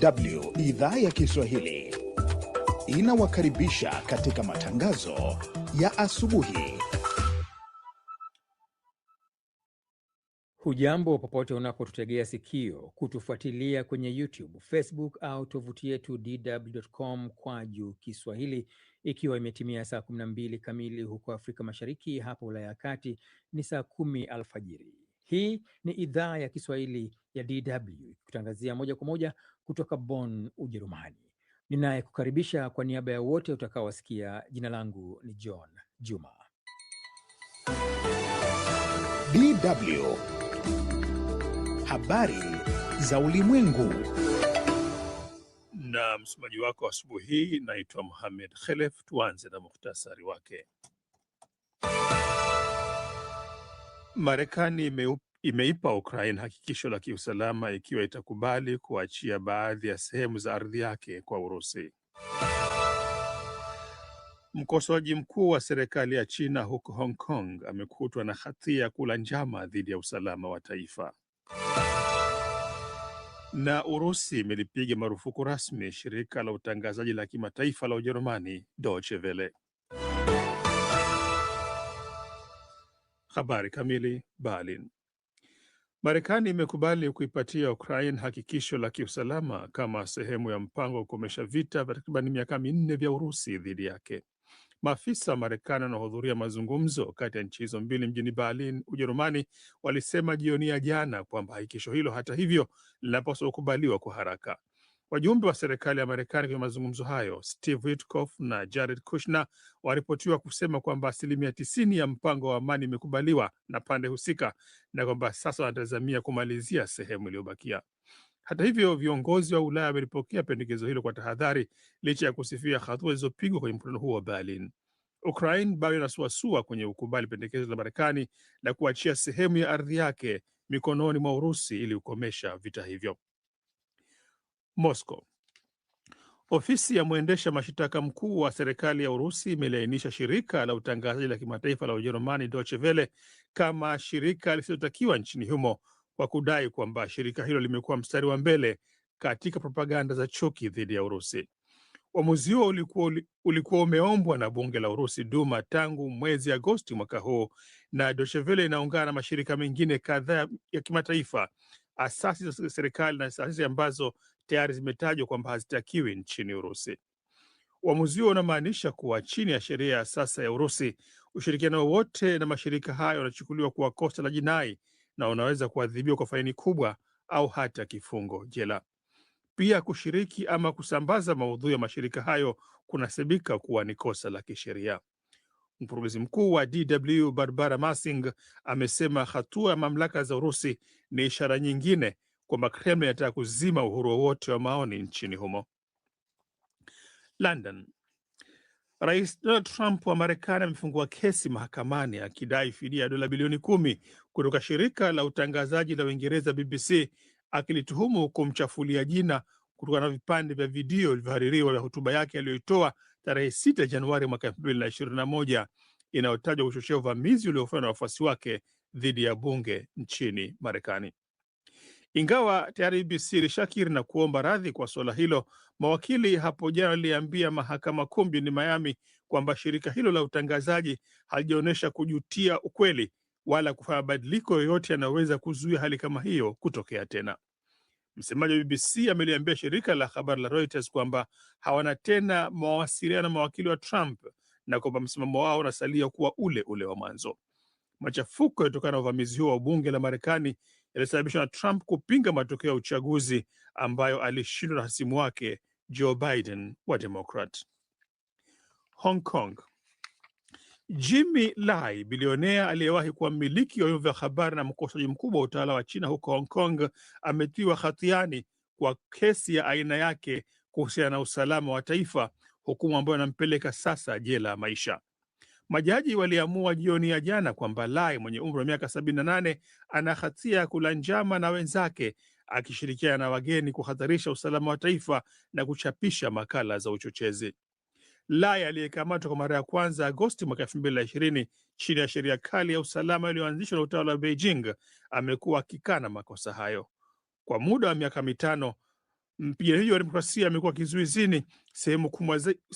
DW idhaa ya Kiswahili inawakaribisha katika matangazo ya asubuhi. Hujambo popote unapotutegea sikio kutufuatilia kwenye YouTube, Facebook au tovuti yetu dw.com kwa juu Kiswahili, ikiwa imetimia saa 12 kamili huko Afrika Mashariki, hapa Ulaya ya Kati ni saa 10 alfajiri. Hii ni idhaa ya Kiswahili ya DW ikikutangazia moja kwa moja kutoka Bonn, Ujerumani. Ninayekukaribisha kwa niaba ya wote utakaowasikia, jina langu ni John Juma. DW habari za ulimwengu, na msomaji wako asubuhi hii naitwa muhamed Khelef. Tuanze na muhtasari wake. Marekani ime, imeipa Ukraine hakikisho la kiusalama ikiwa itakubali kuachia baadhi ya sehemu za ardhi yake kwa Urusi. Mkosoaji mkuu wa serikali ya China huko Hong Kong amekutwa na hatia ya kula njama dhidi ya usalama wa taifa. Na Urusi imelipiga marufuku rasmi shirika la utangazaji la kimataifa la Ujerumani Deutsche Welle. Habari kamili. Berlin. Marekani imekubali kuipatia Ukraine hakikisho la kiusalama kama sehemu ya mpango wa kukomesha vita vya takriban miaka minne vya Urusi dhidi yake. Maafisa wa Marekani wanaohudhuria mazungumzo kati ya nchi hizo mbili mjini Berlin, Ujerumani, walisema jioni ya jana kwamba hakikisho hilo hata hivyo linapaswa kukubaliwa kwa haraka. Wajumbe wa serikali ya Marekani kwenye mazungumzo hayo, Steve Witkoff na Jared Kushner, waripotiwa kusema kwamba asilimia tisini ya mpango wa amani imekubaliwa na pande husika na kwamba sasa wanatazamia kumalizia sehemu iliyobakia. Hata hivyo, viongozi wa Ulaya wamelipokea pendekezo hilo kwa tahadhari, licha ya kusifia hatua zilizopigwa kwenye mkutano huo wa Berlin. Ukraine bado inasuasua kwenye ukubali pendekezo la Marekani la kuachia sehemu ya ardhi yake mikononi mwa Urusi ili kukomesha vita hivyo. Moscow. Ofisi ya mwendesha mashitaka mkuu wa serikali ya Urusi imeliainisha shirika la utangazaji la kimataifa la Ujerumani Deutsche Welle kama shirika lisilotakiwa nchini humo kwa kudai kwamba shirika hilo limekuwa mstari wa mbele katika propaganda za chuki dhidi ya Urusi. Uamuzi huo ulikuwa, ulikuwa umeombwa na bunge la Urusi Duma tangu mwezi Agosti mwaka huu, na Deutsche Welle inaungana na mashirika mengine kadhaa ya kimataifa, asasi za serikali na asasi ambazo tayari zimetajwa kwamba hazitakiwi nchini Urusi. Uamuzi huo unamaanisha kuwa chini ya sheria ya sasa ya Urusi, ushirikiano wowote na mashirika hayo unachukuliwa kuwa kosa la jinai na unaweza kuadhibiwa kwa faini kubwa au hata kifungo jela. Pia kushiriki ama kusambaza maudhui ya mashirika hayo kunasibika kuwa ni kosa la kisheria. Mkurugenzi mkuu wa DW Barbara Masing amesema hatua ya mamlaka za Urusi ni ishara nyingine kwamba Kremlin inataka kuzima uhuru wowote wa maoni nchini humo. London. Rais Donald Trump wa Marekani amefungua kesi mahakamani akidai fidia ya dola bilioni kumi kutoka shirika la utangazaji la Uingereza BBC akilituhumu kumchafulia jina kutokana na vipande vya video vilivyohaririwa vya hotuba yake aliyoitoa tarehe 6 Januari mwaka moja inayotajwa kuchochea uvamizi uliofanywa na wafuasi wake dhidi ya bunge nchini Marekani. Ingawa tayari BBC ilishakiri na kuomba radhi kwa suala hilo, mawakili hapo jana waliambia mahakama kuu mjini Miami kwamba shirika hilo la utangazaji halijaonyesha kujutia ukweli wala kufanya mabadiliko yoyote yanayoweza kuzuia hali kama hiyo kutokea tena. Msemaji wa BBC ameliambia shirika la habari la Reuters kwamba hawana tena mawasiliano na mawakili wa Trump na kwamba msimamo wao unasalia kuwa ule ule wa mwanzo. Machafuko yaliyotokana na uvamizi huo wa bunge la Marekani yalisababishwa na Trump kupinga matokeo ya uchaguzi ambayo alishindwa na hasimu wake Joe Biden wa Demokrat. Hong Kong, Jimmy Lai, bilionea aliyewahi kuwa mmiliki wa vyombo vya habari na mkosoaji mkubwa wa utawala wa China huko Hong Kong, ametiwa hatiani kwa kesi ya aina yake kuhusiana na usalama wa taifa, hukumu ambayo anampeleka sasa jela ya maisha. Majaji waliamua jioni ya jana kwamba Lai mwenye umri wa miaka 78 ana hatia ya kula njama na wenzake akishirikiana na wageni kuhatarisha usalama wa taifa na kuchapisha makala za uchochezi. Lai aliyekamatwa kwa mara ya kwanza Agosti mwaka ishirini chini ya sheria kali ya usalama iliyoanzishwa na utawala wa Beijing amekuwa akikana makosa hayo kwa muda wa miaka mitano. Mpiganaji wa demokrasia amekuwa kizuizini,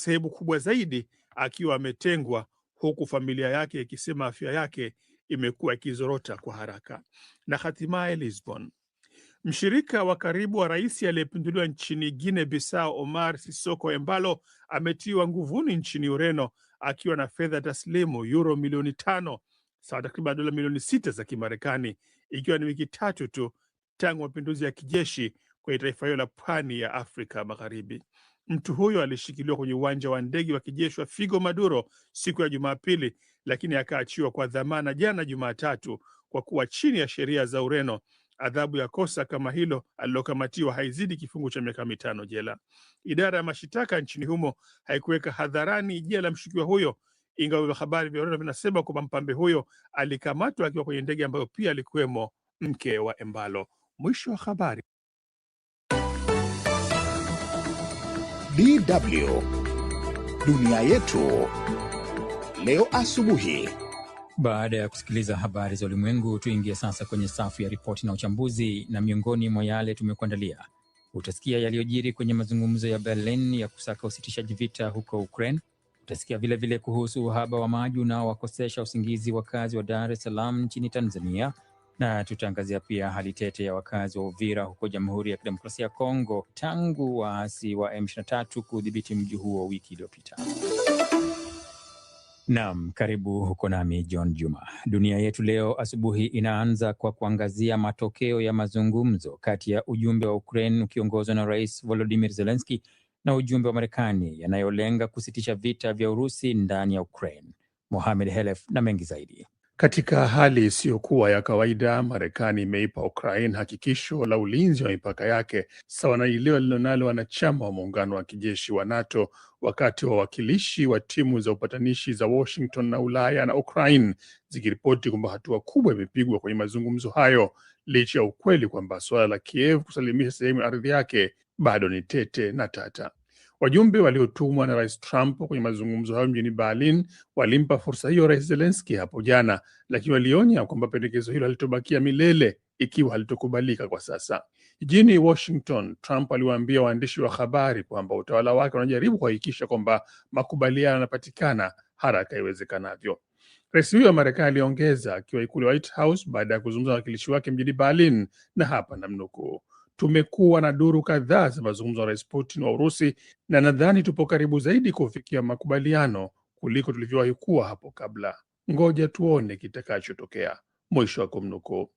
sehemu kubwa zaidi akiwa ametengwa huku familia yake ikisema afya yake imekuwa ikizorota kwa haraka. Na hatimaye Lisbon, mshirika wa karibu wa rais aliyepinduliwa nchini Guinea Bissau, Omar Sisoko Embalo, ametiwa nguvuni nchini Ureno akiwa na fedha taslimu yuro milioni tano sawa takriban dola milioni sita za Kimarekani, ikiwa ni wiki tatu tu tangu mapinduzi ya kijeshi kwenye taifa hilo la pwani ya Afrika Magharibi. Mtu huyo alishikiliwa kwenye uwanja wa ndege wa kijeshi wa Figo Maduro siku ya Jumapili, lakini akaachiwa kwa dhamana jana Jumatatu kwa kuwa chini ya sheria za Ureno adhabu ya kosa kama hilo alilokamatiwa haizidi kifungo cha miaka mitano jela. Idara ya mashitaka nchini humo haikuweka hadharani jina la mshukiwa huyo, ingawa vya habari vya Ureno vinasema kwamba mpambe huyo alikamatwa akiwa kwenye ndege ambayo pia alikuwemo mke wa Embalo. Mwisho wa habari. DW dunia yetu leo asubuhi. Baada ya kusikiliza habari za ulimwengu, tuingie sasa kwenye safu ya ripoti na uchambuzi, na miongoni mwa yale tumekuandalia utasikia yaliyojiri kwenye mazungumzo ya Berlin ya kusaka usitishaji vita huko Ukraine. Utasikia vilevile kuhusu uhaba wa maji unaowakosesha usingizi wakazi wa Dar es Salaam nchini Tanzania, na tutaangazia pia hali tete ya wakazi wa Uvira huko Jamhuri ya Kidemokrasia ya Kongo tangu waasi wa M23 kudhibiti mji huo wiki iliyopita. Naam, karibu huko nami John Juma. Dunia yetu leo asubuhi inaanza kwa kuangazia matokeo ya mazungumzo kati ya ujumbe wa Ukraine ukiongozwa na Rais Volodymyr Zelensky na ujumbe wa Marekani yanayolenga kusitisha vita vya Urusi ndani ya Ukraine. Mohamed Helef na mengi zaidi. Katika hali isiyokuwa ya kawaida, Marekani imeipa Ukraine hakikisho la ulinzi wa mipaka yake sawa na ilio lilonalo wanachama wa muungano wa kijeshi wa NATO, wakati wa wawakilishi wa timu za upatanishi za Washington na Ulaya na Ukraine zikiripoti kwamba hatua kubwa imepigwa kwenye mazungumzo hayo, licha ya ukweli kwamba suala la Kiev kusalimisha sehemu ya ardhi yake bado ni tete na tata. Wajumbe waliotumwa na Rais Trump kwenye mazungumzo hayo mjini Berlin walimpa fursa hiyo Rais Zelenski hapo jana, lakini walionya kwamba pendekezo hilo halitobakia milele ikiwa halitokubalika kwa sasa. Jijini Washington, Trump aliwaambia waandishi wa habari kwamba utawala wake unajaribu kuhakikisha kwamba makubaliano yanapatikana haraka iwezekanavyo. Rais huyo wa Marekani aliongeza akiwa ikulu White House baada ya kuzungumza na wakilishi wake mjini Berlin, na hapa namnukuu tumekuwa na duru kadhaa za mazungumzo na Rais Putin wa Urusi, na nadhani tupo karibu zaidi kufikia makubaliano kuliko tulivyowahi kuwa hapo kabla. Ngoja tuone kitakachotokea, mwisho wa kumnukuu.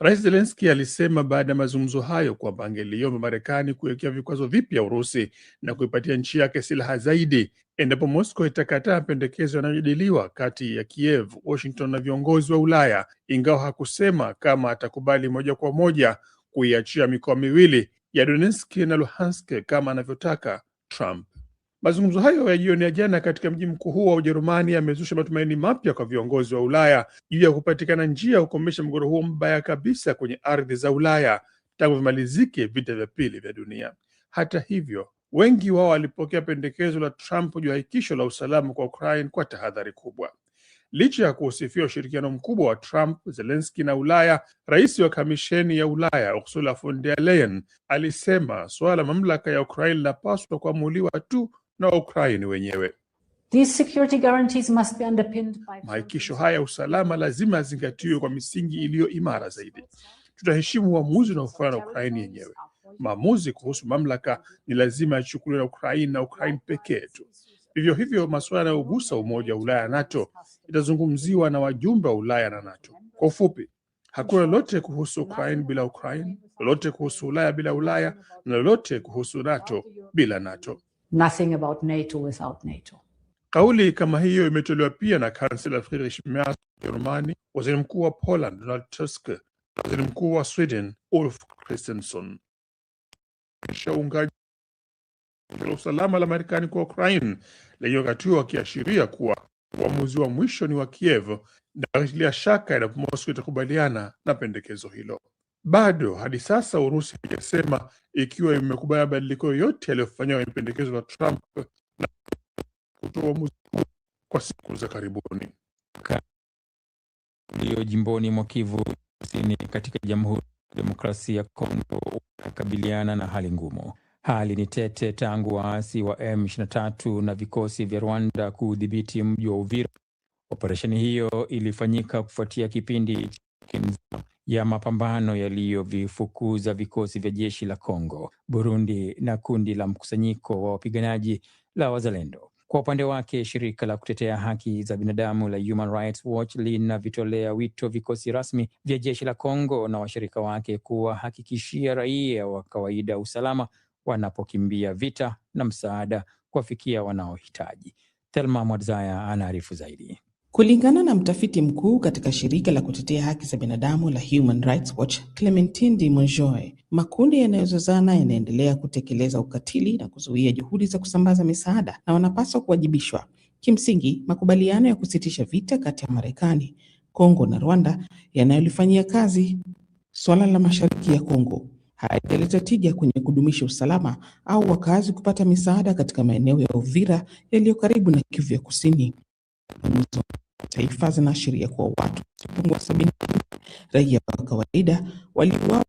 Rais Zelenski alisema baada ya mazungumzo hayo kwamba angeliomba Marekani kuwekea vikwazo vipya Urusi na kuipatia nchi yake silaha zaidi endapo Moscow itakataa pendekezo yanayojadiliwa kati ya Kiev, Washington na viongozi wa Ulaya, ingawa hakusema kama atakubali moja kwa moja kuiachia mikoa miwili ya Donetsk na Luhansk kama anavyotaka Trump. Mazungumzo hayo ya jioni ya jana katika mji mkuu huo wa Ujerumani yamezusha matumaini mapya kwa viongozi wa Ulaya juu ya kupatikana njia ya kukomesha mgogoro huo mbaya kabisa kwenye ardhi za Ulaya tangu vimalizike vita vya pili vya dunia. Hata hivyo, wengi wao walipokea pendekezo la Trump juu ya hakikisho la usalama kwa Ukraine kwa tahadhari kubwa. Licha ya kuusifia ushirikiano mkubwa wa Trump, Zelenski na Ulaya, rais wa kamisheni ya Ulaya Ursula von der Leyen alisema suala la mamlaka ya Ukraine linapaswa kuamuliwa tu na Waukraini wenyewe. Mahakikisho haya ya usalama lazima yazingatiwe kwa misingi iliyo imara zaidi. Tutaheshimu uamuzi unaofanywa na Ukraini yenyewe. Maamuzi kuhusu mamlaka ni lazima yachukuliwe na Ukraini na Ukraini pekee tu. Vivyo hivyo, masuala yanayogusa umoja wa Ulaya NATO itazungumziwa na wajumbe wa Ulaya na NATO. Kwa ufupi, hakuna lolote kuhusu Ukraine bila Ukraine, lolote kuhusu Ulaya bila Ulaya, na lolote kuhusu NATO bila NATO. Nothing about NATO without NATO. Kauli kama hiyo imetolewa pia na kansela Friedrich Merz wa Ujerumani, waziri mkuu wa Poland Donald Tusk, waziri mkuu wa Sweden Ulf Kristersson la usalama la Marekani kwa Ukraine lenye wakati huo wakiashiria kuwa uamuzi wa mwisho ni wa Kiev na wakitilia shaka endapo Moscow itakubaliana na pendekezo hilo. Bado hadi sasa Urusi haijasema ikiwa imekubali mabadiliko yoyote yaliyofanyiwa kwenye pendekezo la Trump na kutoa uamuzi kwa siku za karibuni. Ndio jimboni mwa Kivu Kusini katika Jamhuri ya Demokrasia ya Kongo wanakabiliana na hali ngumu. Hali ni tete tangu waasi wa M23 na vikosi vya Rwanda kudhibiti mji wa Uvira. Operesheni hiyo ilifanyika kufuatia kipindi ya mapambano yaliyovifukuza vikosi vya jeshi la congo Burundi na kundi la mkusanyiko wa wapiganaji la Wazalendo. Kwa upande wake, shirika la kutetea haki za binadamu la Human Rights Watch linavitolea wito vikosi rasmi vya jeshi la congo na washirika wake kuwahakikishia raia wa kawaida usalama wanapokimbia vita na msaada kuwafikia wanaohitaji. Thelma Mwadzaya anaarifu zaidi. Kulingana na mtafiti mkuu katika shirika la kutetea haki za binadamu la Human Rights Watch, Clementine de Monjoy, makundi yanayozozana yanaendelea kutekeleza ukatili na kuzuia juhudi za kusambaza misaada na wanapaswa kuwajibishwa. Kimsingi, makubaliano ya kusitisha vita kati ya Marekani, Kongo na Rwanda yanayolifanyia kazi swala la mashariki ya Kongo haijaleta tija kwenye kudumisha usalama au wakazi kupata misaada katika maeneo ya Uvira yaliyo karibu na Kivu ya Kusini. Taifa zinaashiria kuwa watu wasiopungua sabini raia wa kawaida waliuawa,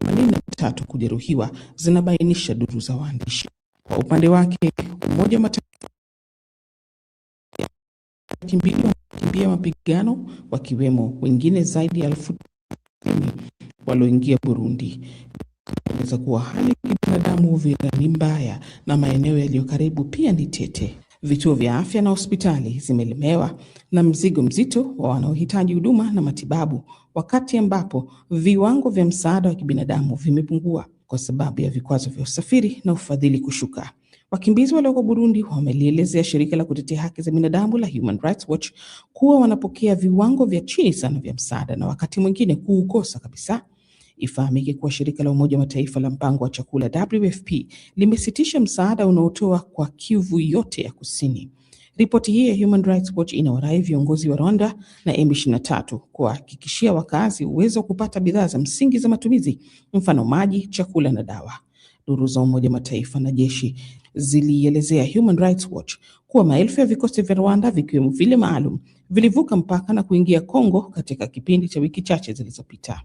themanini na tatu kujeruhiwa, zinabainisha duru za waandishi. Kwa upande wake, Umoja wa Mataifa wakimbilia mapigano wakiwemo wengine zaidi ya elfu walioingia Burundi eza kuwa hali ya kibinadamu Uvira ni mbaya na maeneo yaliyo karibu pia ni tete. Vituo vya afya na hospitali zimelemewa na mzigo mzito wa wanaohitaji huduma na matibabu, wakati ambapo viwango vya msaada wa kibinadamu vimepungua kwa sababu ya vikwazo vya usafiri na ufadhili kushuka. Wakimbizi walioko Burundi wamelielezea shirika la kutetea haki za binadamu la Human Rights Watch kuwa wanapokea viwango vya chini sana vya msaada na wakati mwingine kuukosa kabisa. Ifahamike kuwa shirika la Umoja wa Mataifa la mpango wa chakula WFP limesitisha msaada unaotoa kwa Kivu yote ya kusini. Ripoti hii ya Human Rights Watch inawarai viongozi wa Rwanda na M23 kuwahakikishia wakazi uwezo wa kupata bidhaa za msingi za matumizi, mfano maji, chakula na dawa. Duru za Umoja Mataifa na jeshi zilielezea Human Rights Watch kuwa maelfu ya vikosi vya Rwanda vikiwemo vile maalum vilivuka mpaka na kuingia Kongo katika kipindi cha wiki chache zilizopita.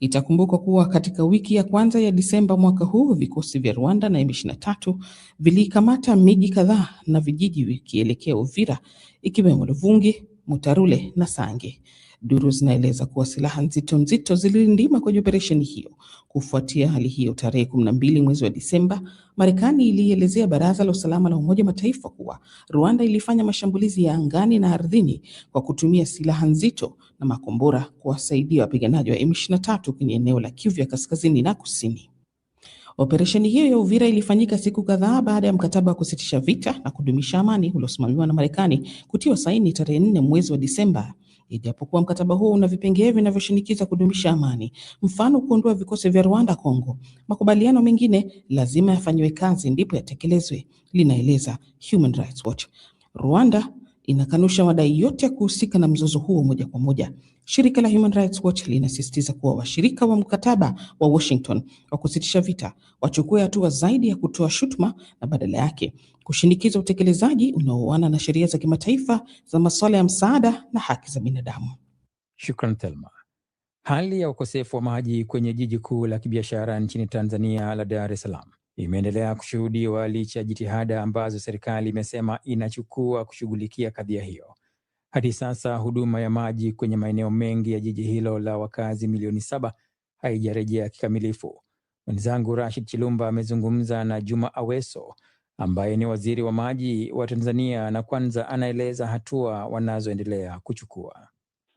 Itakumbukwa kuwa katika wiki ya kwanza ya Disemba mwaka huu vikosi vya Rwanda na M23 vilikamata miji kadhaa na vijiji vikielekea Uvira ikiwemo Luvungi, Mutarule na Sange. Duru zinaeleza kuwa silaha nzito nzito zilirindima kwenye operesheni hiyo. Kufuatia hali hiyo, tarehe kumi na mbili mwezi wa Disemba, Marekani ilielezea Baraza la Usalama la Umoja Mataifa kuwa Rwanda ilifanya mashambulizi ya angani na ardhini kwa kutumia silaha nzito na makombora kuwasaidia wapiganaji wa M23 kwenye eneo la Kivu ya kaskazini na kusini. Operesheni hiyo ya Uvira ilifanyika siku kadhaa baada ya mkataba wa kusitisha vita na kudumisha amani uliosimamiwa na Marekani kutiwa saini tarehe nne mwezi wa Disemba ijapokuwa mkataba huo una vipengee vinavyoshinikiza kudumisha amani, mfano kuondoa vikosi vya Rwanda Kongo. Makubaliano mengine lazima yafanyiwe kazi ndipo yatekelezwe, linaeleza Human Rights Watch. Rwanda inakanusha madai yote ya kuhusika na mzozo huo moja kwa moja. Shirika la Human Rights Watch linasisitiza kuwa washirika wa mkataba wa Washington wa kusitisha vita wachukue hatua zaidi ya kutoa shutuma na badala yake kushinikiza utekelezaji unaoana na sheria za kimataifa za masuala ya msaada na haki za binadamu. Shukran Thelma. Hali ya ukosefu wa maji kwenye jiji kuu la kibiashara nchini Tanzania la Dar es Salaam imeendelea kushuhudiwa licha ya jitihada ambazo serikali imesema inachukua kushughulikia kadhia hiyo. Hadi sasa huduma ya maji kwenye maeneo mengi ya jiji hilo la wakazi milioni saba haijarejea kikamilifu. Mwenzangu Rashid Chilumba amezungumza na Juma Aweso ambaye ni waziri wa maji wa Tanzania, na kwanza anaeleza hatua wanazoendelea kuchukua.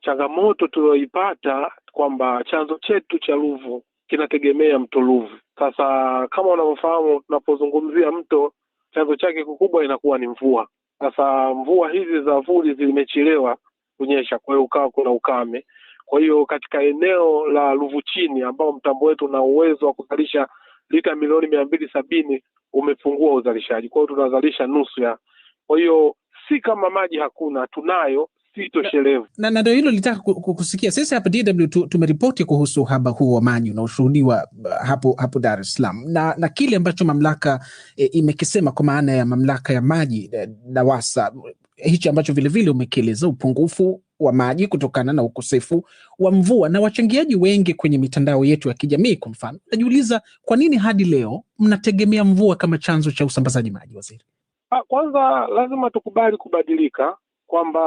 Changamoto tuliyoipata kwamba chanzo chetu cha Ruvu kinategemea mto Ruvu sasa kama unavyofahamu, tunapozungumzia mto, chanzo chake kikubwa inakuwa ni mvua. Sasa mvua hizi za vuli zimechelewa kunyesha, kwa hiyo ukawa kuna ukame. Kwa hiyo katika eneo la Ruvu Chini, ambao mtambo wetu una uwezo wa kuzalisha lita milioni mia mbili sabini umepungua uzalishaji, kwa hiyo tunazalisha nusu ya. Kwa hiyo si kama maji hakuna, tunayo, na, na ndio hilo litaka kukusikia. Sisi hapa DW tumeripoti kuhusu uhaba huu wa maji unaoshuhudiwa uh, hapo hapo Dar es Salaam na, na kile ambacho mamlaka e, imekisema kwa maana ya mamlaka ya maji eh, DAWASA, hichi ambacho vilevile umekieleza upungufu wa maji kutokana na ukosefu wa mvua. Na wachangiaji wengi kwenye mitandao yetu ya kijamii kwa mfano najiuliza kwa nini hadi leo mnategemea mvua kama chanzo cha usambazaji maji, waziri? Ah, kwanza lazima tukubali kubadilika kwamba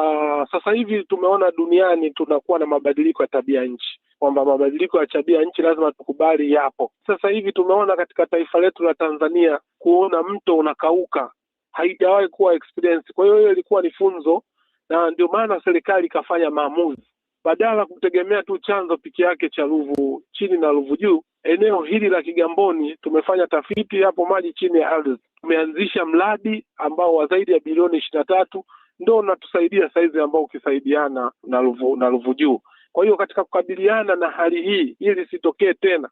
sasa hivi tumeona duniani tunakuwa na mabadiliko ya tabia nchi, kwamba mabadiliko ya tabia nchi lazima tukubali yapo. Sasa hivi tumeona katika taifa letu la Tanzania kuona mto unakauka haijawahi kuwa experience. Kwa hiyo hiyo ilikuwa ni funzo, na ndio maana serikali ikafanya maamuzi badala kutegemea tu chanzo peke yake cha Ruvu chini na Ruvu juu, eneo hili la Kigamboni tumefanya tafiti, yapo maji chini ya ardhi. Tumeanzisha mradi ambao wa zaidi ya bilioni ishirini na tatu ndo unatusaidia saizi ambao ukisaidiana na Ruvu na Ruvu Juu. Kwa hiyo katika kukabiliana na hali hii ili isitokee tena,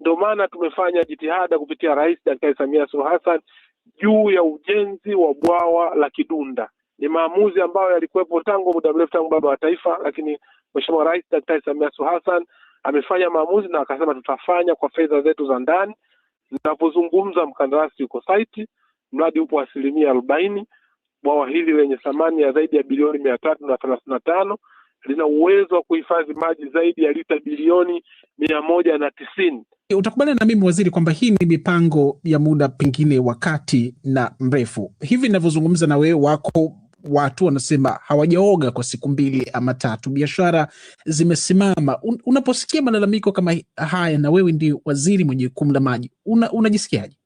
ndio maana tumefanya jitihada kupitia Rais Daktari Samia Suluhu Hassan juu ya ujenzi wa bwawa la Kidunda. Ni maamuzi ambayo yalikuwepo tangu muda mrefu, tangu Baba wa Taifa, lakini Mheshimiwa Rais Daktari Samia Suluhu Hassan amefanya maamuzi na akasema tutafanya kwa fedha zetu za ndani. Ninapozungumza mkandarasi yuko saiti mradi upo asilimia arobaini bwawa hili lenye thamani ya zaidi ya bilioni mia tatu na thelathini na tano lina uwezo wa kuhifadhi maji zaidi ya lita bilioni mia moja na tisini. Utakubaliana na mimi waziri, kwamba hii ni mipango ya muda pengine wakati na mrefu. Hivi inavyozungumza na wewe, wako watu wanasema hawajaoga kwa siku mbili ama tatu, biashara zimesimama. Un, unaposikia malalamiko kama haya, na wewe ndio waziri mwenye jukumu la maji, unajisikiaje?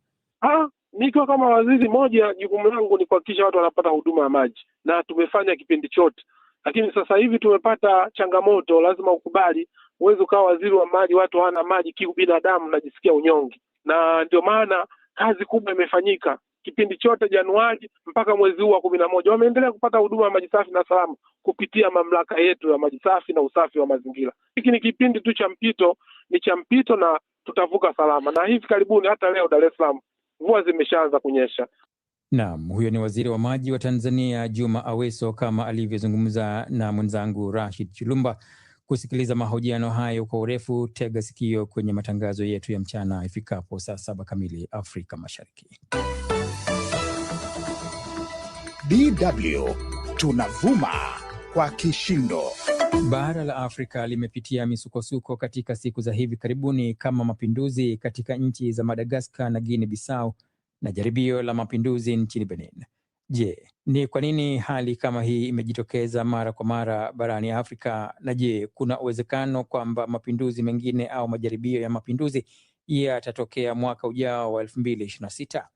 Una ah, nikiwa kama waziri, moja jukumu langu ni kuhakikisha watu wanapata huduma ya maji, na tumefanya kipindi chote, lakini sasa hivi tumepata changamoto. Lazima ukubali, huwezi ukawa waziri wa maji watu hawana maji, kiu binadamu, najisikia unyonge, na ndio maana kazi kubwa imefanyika kipindi chote Januari mpaka mwezi huu wa kumi na moja wameendelea kupata huduma ya maji safi na salama kupitia mamlaka yetu ya maji safi na usafi wa mazingira. Hiki ni kipindi tu cha mpito, ni cha mpito na tutavuka salama, na hivi karibuni hata leo Dar es Salaam mvua zimeshaanza kunyesha. Naam, huyo ni waziri wa maji wa Tanzania Juma Aweso, kama alivyozungumza na mwenzangu Rashid Chulumba. Kusikiliza mahojiano hayo kwa urefu, tega sikio kwenye matangazo yetu ya mchana ifikapo saa saba kamili Afrika Mashariki. DW tunavuma kwa kishindo. Bara la Afrika limepitia misukosuko katika siku za hivi karibuni kama mapinduzi katika nchi za Madagaskar na Guinea Bissau na jaribio la mapinduzi nchini Benin. Je, ni kwa nini hali kama hii imejitokeza mara kwa mara barani Afrika, na je, kuna uwezekano kwamba mapinduzi mengine au majaribio ya mapinduzi yatatokea mwaka ujao wa elfu mbili ishirini na sita?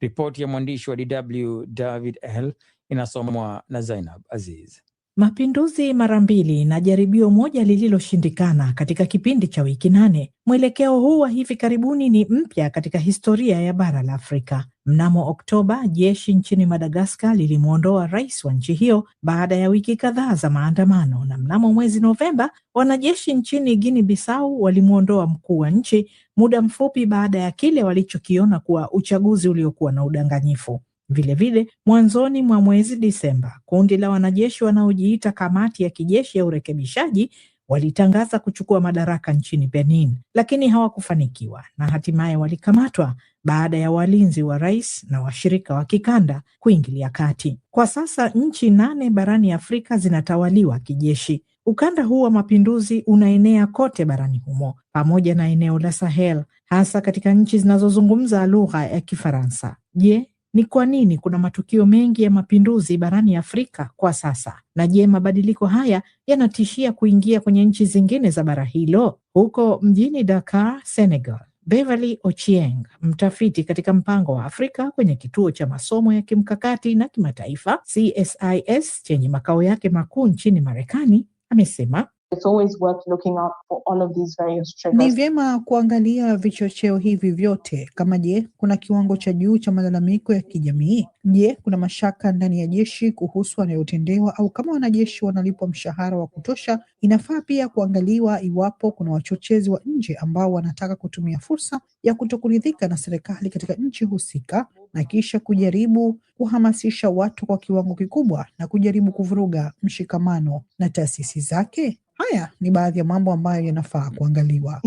Ripoti ya mwandishi wa DW David L inasomwa na Zainab Aziz. Mapinduzi mara mbili na jaribio moja lililoshindikana katika kipindi cha wiki nane. Mwelekeo huu wa hivi karibuni ni mpya katika historia ya bara la Afrika. Mnamo Oktoba, jeshi nchini Madagaskar lilimwondoa rais wa nchi hiyo baada ya wiki kadhaa za maandamano, na mnamo mwezi Novemba, wanajeshi nchini Guinea Bissau walimwondoa mkuu wa nchi muda mfupi baada ya kile walichokiona kuwa uchaguzi uliokuwa na udanganyifu. Vilevile, mwanzoni mwa mwezi Disemba, kundi la wanajeshi wanaojiita kamati ya kijeshi ya urekebishaji walitangaza kuchukua madaraka nchini Benin, lakini hawakufanikiwa na hatimaye walikamatwa baada ya walinzi wa rais na washirika wa kikanda kuingilia kati. Kwa sasa nchi nane barani Afrika zinatawaliwa kijeshi. Ukanda huu wa mapinduzi unaenea kote barani humo pamoja na eneo la Sahel, hasa katika nchi zinazozungumza lugha ya Kifaransa. Je, ni kwa nini kuna matukio mengi ya mapinduzi barani Afrika kwa sasa, na je, mabadiliko haya yanatishia kuingia kwenye nchi zingine za bara hilo? Huko mjini Dakar, Senegal, Beverly Ochieng, mtafiti katika mpango wa Afrika kwenye kituo cha masomo ya kimkakati na kimataifa CSIS chenye makao yake makuu nchini Marekani, amesema It's always worth looking out for all of these various triggers. Ni vyema kuangalia vichocheo hivi vyote kama je, kuna kiwango cha juu cha malalamiko ya kijamii? Je, kuna mashaka ndani ya jeshi kuhusu anayotendewa au kama wanajeshi wanalipwa mshahara wa kutosha Inafaa pia kuangaliwa iwapo kuna wachochezi wa nje ambao wanataka kutumia fursa ya kutokuridhika na serikali katika nchi husika na kisha kujaribu kuhamasisha watu kwa kiwango kikubwa na kujaribu kuvuruga mshikamano na taasisi zake. Haya ni baadhi ya mambo ambayo yanafaa kuangaliwa.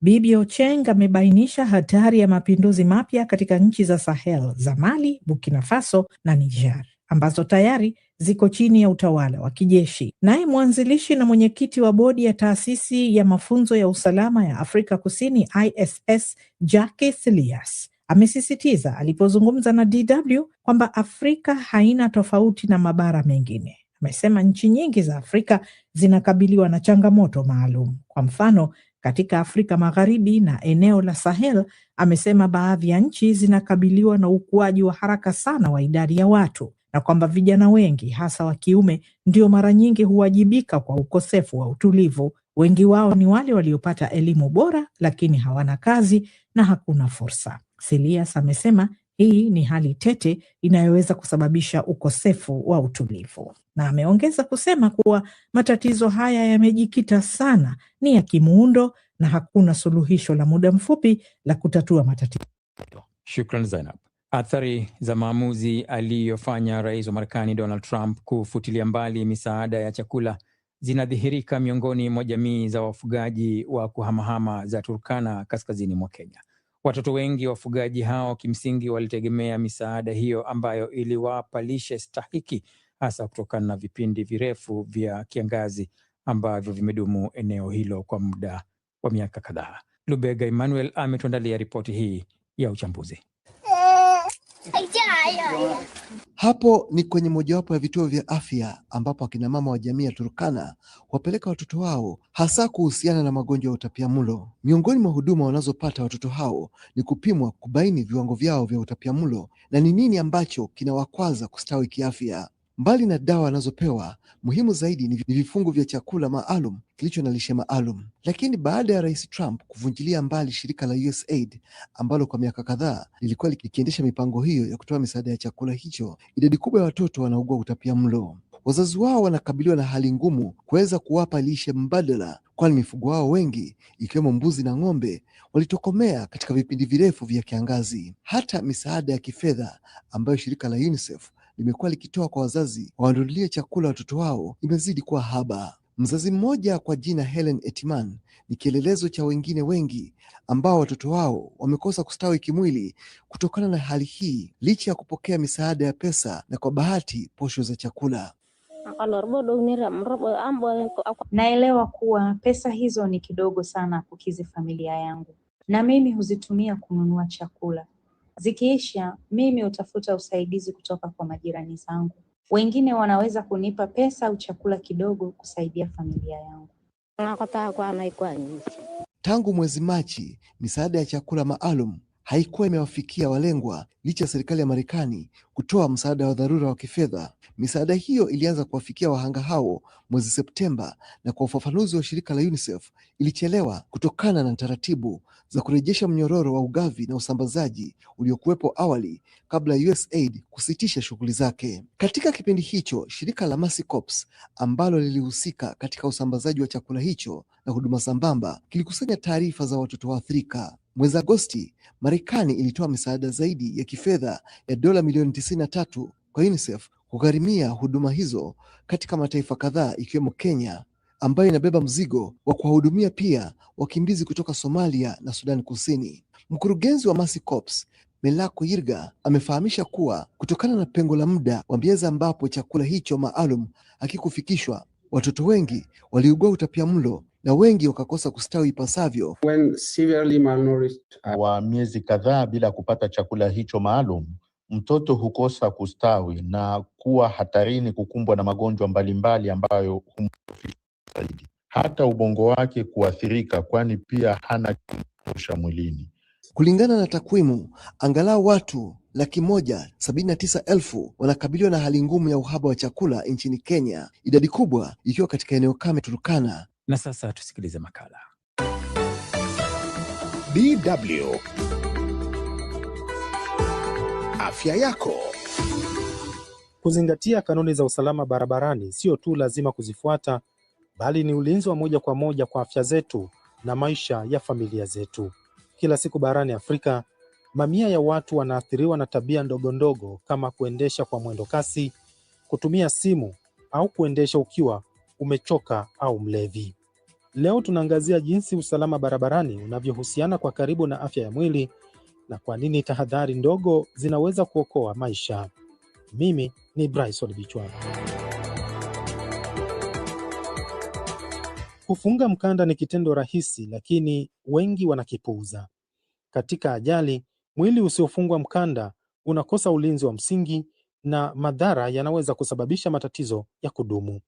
Bibi Ocheng amebainisha hatari ya mapinduzi mapya katika nchi za Sahel za Mali, Burkina Faso na Niger ambazo tayari ziko chini ya utawala wa kijeshi. Naye mwanzilishi na mwenyekiti wa bodi ya taasisi ya mafunzo ya usalama ya Afrika Kusini ISS Jake lias amesisitiza alipozungumza na DW kwamba Afrika haina tofauti na mabara mengine. Amesema nchi nyingi za Afrika zinakabiliwa na changamoto maalum. Kwa mfano, katika Afrika Magharibi na eneo la Sahel, amesema baadhi ya nchi zinakabiliwa na ukuaji wa haraka sana wa idadi ya watu na kwamba vijana wengi hasa wa kiume ndio mara nyingi huwajibika kwa ukosefu wa utulivu. Wengi wao ni wale waliopata elimu bora lakini hawana kazi na hakuna fursa. Silias amesema hii ni hali tete inayoweza kusababisha ukosefu wa utulivu, na ameongeza kusema kuwa matatizo haya yamejikita sana, ni ya kimuundo na hakuna suluhisho la muda mfupi la kutatua matatizo. Shukran Zainab. Athari za maamuzi aliyofanya rais wa Marekani Donald Trump kufutilia mbali misaada ya chakula zinadhihirika miongoni mwa jamii za wafugaji wa kuhamahama za Turkana kaskazini mwa Kenya. Watoto wengi wa wafugaji hao kimsingi walitegemea misaada hiyo ambayo iliwapa lishe stahiki, hasa kutokana na vipindi virefu vya kiangazi ambavyo vimedumu eneo hilo kwa muda wa miaka kadhaa. Lubega Emmanuel ametuandalia ripoti hii ya uchambuzi. Hapo ni kwenye mojawapo ya vituo vya afya ambapo akina mama wa jamii ya Turkana wapeleka watoto wao hasa kuhusiana na magonjwa ya utapiamlo. Miongoni mwa huduma wanazopata watoto hao ni kupimwa kubaini viwango vyao vya utapiamlo na ni nini ambacho kinawakwaza kustawi kiafya. Mbali na dawa anazopewa, muhimu zaidi ni vifungu vya chakula maalum kilicho na lishe maalum. Lakini baada ya Rais Trump kuvunjilia mbali shirika la USAID ambalo kwa miaka kadhaa lilikuwa likiendesha mipango hiyo ya kutoa misaada ya chakula hicho, idadi kubwa ya watoto wanaugua utapia mlo. Wazazi wao wanakabiliwa na hali ngumu kuweza kuwapa lishe mbadala, kwani mifugo wao wengi ikiwemo mbuzi na ng'ombe walitokomea katika vipindi virefu vya kiangazi. Hata misaada ya kifedha ambayo shirika la UNICEF limekuwa likitoa kwa wazazi wawanunulie chakula watoto wao imezidi kuwa haba. Mzazi mmoja kwa jina Helen Etiman ni kielelezo cha wengine wengi ambao watoto wao wamekosa kustawi kimwili kutokana na hali hii, licha ya kupokea misaada ya pesa na kwa bahati posho za chakula. Naelewa kuwa pesa hizo ni kidogo sana kukizi familia yangu, na mimi huzitumia kununua chakula Zikiisha mimi hutafuta usaidizi kutoka kwa majirani zangu. Wengine wanaweza kunipa pesa au chakula kidogo kusaidia familia yangu. Tangu mwezi Machi, misaada ya chakula maalum haikuwa imewafikia walengwa licha ya serikali ya Marekani kutoa msaada wa dharura wa kifedha. Misaada hiyo ilianza kuwafikia wahanga hao mwezi Septemba, na kwa ufafanuzi wa shirika la UNICEF, ilichelewa kutokana na taratibu za kurejesha mnyororo wa ugavi na usambazaji uliokuwepo awali kabla ya USAID kusitisha shughuli zake. Katika kipindi hicho, shirika la Mercy Corps ambalo lilihusika katika usambazaji wa chakula hicho na huduma sambamba kilikusanya taarifa za watoto waathirika. Mwezi Agosti, Marekani ilitoa misaada zaidi ya kifedha ya dola milioni tisini na tatu kwa UNICEF kugharimia huduma hizo katika mataifa kadhaa ikiwemo Kenya ambayo inabeba mzigo wa kuwahudumia pia wakimbizi kutoka Somalia na sudani Kusini. Mkurugenzi wa Mercy Corps Melako Yirga amefahamisha kuwa kutokana na pengo la muda wa miezi ambapo chakula hicho maalum hakikufikishwa, watoto wengi waliugua utapia mlo na wengi wakakosa kustawi ipasavyo. Kwa uh, miezi kadhaa bila kupata chakula hicho maalum, mtoto hukosa kustawi na kuwa hatarini kukumbwa na magonjwa mbalimbali ambayo zaidi, hata ubongo wake kuathirika, kwani pia hana kinachotosha mwilini. Kulingana na takwimu, angalau watu laki moja sabini na tisa elfu wanakabiliwa na hali ngumu ya uhaba wa chakula nchini Kenya, idadi kubwa ikiwa katika eneo kame Turkana na sasa tusikilize makala. DW Afya Yako. Kuzingatia kanuni za usalama barabarani sio tu lazima kuzifuata, bali ni ulinzi wa moja kwa moja kwa afya zetu na maisha ya familia zetu. Kila siku barani Afrika, mamia ya watu wanaathiriwa na tabia ndogo ndogo kama kuendesha kwa mwendo kasi, kutumia simu au kuendesha ukiwa umechoka au mlevi. Leo tunaangazia jinsi usalama barabarani unavyohusiana kwa karibu na afya ya mwili na kwa nini tahadhari ndogo zinaweza kuokoa maisha. Mimi ni Bryson Bichwa. Kufunga mkanda ni kitendo rahisi, lakini wengi wanakipuuza. Katika ajali, mwili usiofungwa mkanda unakosa ulinzi wa msingi na madhara yanaweza kusababisha matatizo ya kudumu.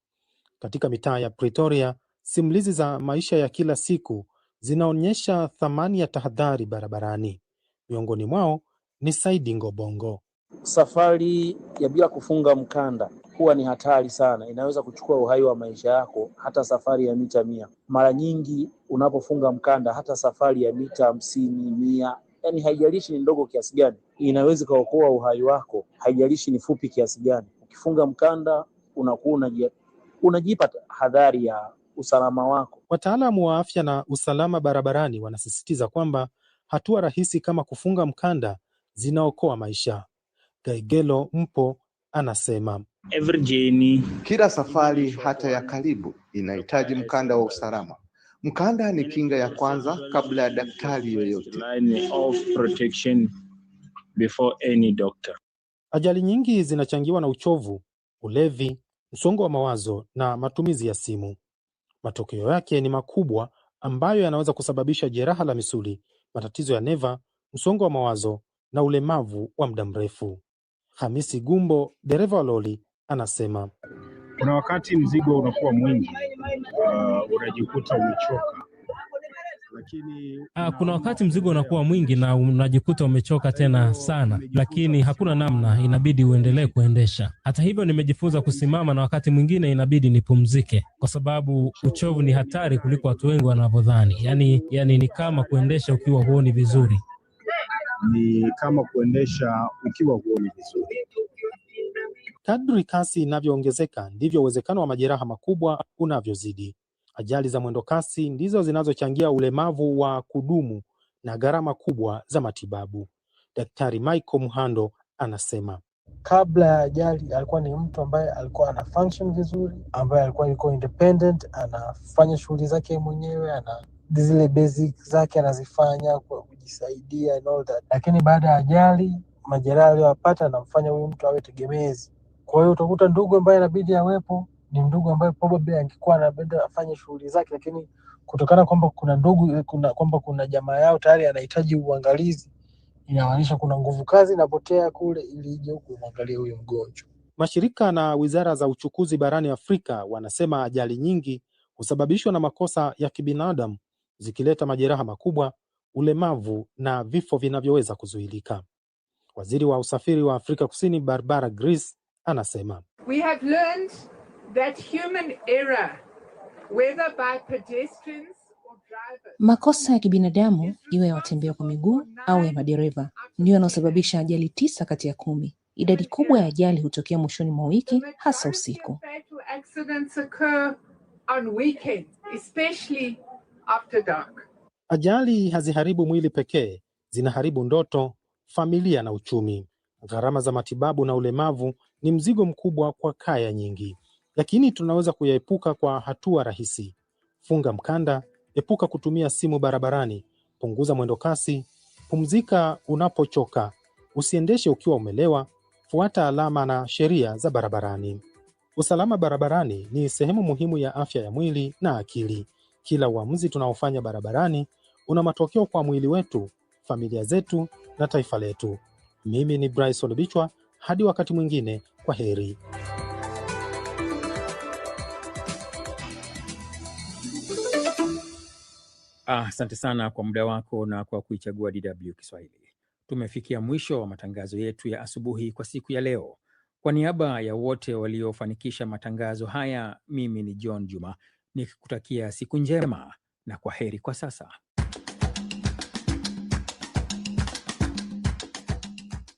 Katika mitaa ya Pretoria, Simulizi za maisha ya kila siku zinaonyesha thamani ya tahadhari barabarani. Miongoni mwao ni Saidi Ngobongo. Safari ya bila kufunga mkanda huwa ni hatari sana, inaweza kuchukua uhai wa maisha yako, hata safari ya mita mia. Mara nyingi unapofunga mkanda, hata safari ya mita hamsini, mia, yani haijalishi ni ndogo kiasi gani, inaweza ikaokoa uhai wako, haijalishi ni fupi kiasi gani. Ukifunga mkanda unakuwa unajipa hadhari ya usalama wako. Wataalamu wa afya na usalama barabarani wanasisitiza kwamba hatua rahisi kama kufunga mkanda zinaokoa maisha. Gaigelo Mpo anasema Every journey, kila safari hata ya karibu inahitaji mkanda wa usalama. Mkanda ni kinga ya kwanza kabla ya daktari yoyote. Ajali nyingi zinachangiwa na uchovu, ulevi, msongo wa mawazo na matumizi ya simu. Matokeo yake ni makubwa ambayo yanaweza kusababisha jeraha la misuli, matatizo ya neva, msongo wa mawazo na ulemavu wa muda mrefu. Hamisi Gumbo, dereva wa loli anasema kuna wakati mzigo unakuwa mwingi, uh, unajikuta umechoka lakini ah, kuna wakati mzigo unakuwa mwingi na unajikuta umechoka tena sana, lakini hakuna namna, inabidi uendelee kuendesha. Hata hivyo, nimejifunza kusimama, na wakati mwingine inabidi nipumzike, kwa sababu uchovu ni hatari kuliko watu wengi wanavyodhani. Yani, yani ni kama kuendesha ukiwa huoni vizuri, ni kama kuendesha ukiwa huoni vizuri. Kadri kasi inavyoongezeka ndivyo uwezekano wa majeraha makubwa unavyozidi. Ajali za mwendokasi ndizo zinazochangia ulemavu wa kudumu na gharama kubwa za matibabu. Daktari Michael Muhando anasema kabla ya ajali alikuwa ni mtu ambaye alikuwa ana function vizuri, ambaye alikuwa yuko independent, anafanya shughuli zake mwenyewe, ana zile basic zake anazifanya kwa kujisaidia and all that. Lakini baada ya ajali, majeraha aliyoyapata anamfanya huyu mtu awe tegemezi. Kwa hiyo utakuta ndugu ambaye inabidi awepo ni ndugu ambaye probably angekuwa anabenda afanye shughuli zake, lakini kutokana kwamba kuna ndugu eh, kuna, kwamba kuna jamaa yao tayari anahitaji uangalizi, inamaanisha kuna nguvu kazi inapotea kule ili ije huku uangalie huyu mgonjwa. Mashirika na wizara za uchukuzi barani Afrika wanasema ajali nyingi husababishwa na makosa ya kibinadamu zikileta majeraha makubwa, ulemavu na vifo vinavyoweza kuzuilika. Waziri wa usafiri wa Afrika Kusini Barbara Grice anasema We have learned Makosa ya kibinadamu iwe ya watembea kwa miguu au ya madereva ndiyo yanayosababisha ajali tisa kati ya kumi. Idadi kubwa ya ajali hutokea mwishoni mwa wiki, hasa usiku. Ajali haziharibu mwili pekee, zinaharibu ndoto, familia na uchumi. Gharama za matibabu na ulemavu ni mzigo mkubwa kwa kaya nyingi lakini tunaweza kuyaepuka kwa hatua rahisi: funga mkanda, epuka kutumia simu barabarani, punguza mwendo kasi, pumzika unapochoka, usiendeshe ukiwa umelewa, fuata alama na sheria za barabarani. Usalama barabarani ni sehemu muhimu ya afya ya mwili na akili. Kila uamuzi tunaofanya barabarani una matokeo kwa mwili wetu, familia zetu na taifa letu. Mimi ni Bryson Bichwa, hadi wakati mwingine, kwa heri. Ah, asante ah, sana kwa muda wako na kwa kuichagua DW Kiswahili. Tumefikia mwisho wa matangazo yetu ya asubuhi kwa siku ya leo. Kwa niaba ya wote waliofanikisha matangazo haya, mimi ni John Juma nikikutakia siku njema na kwa heri kwa sasa.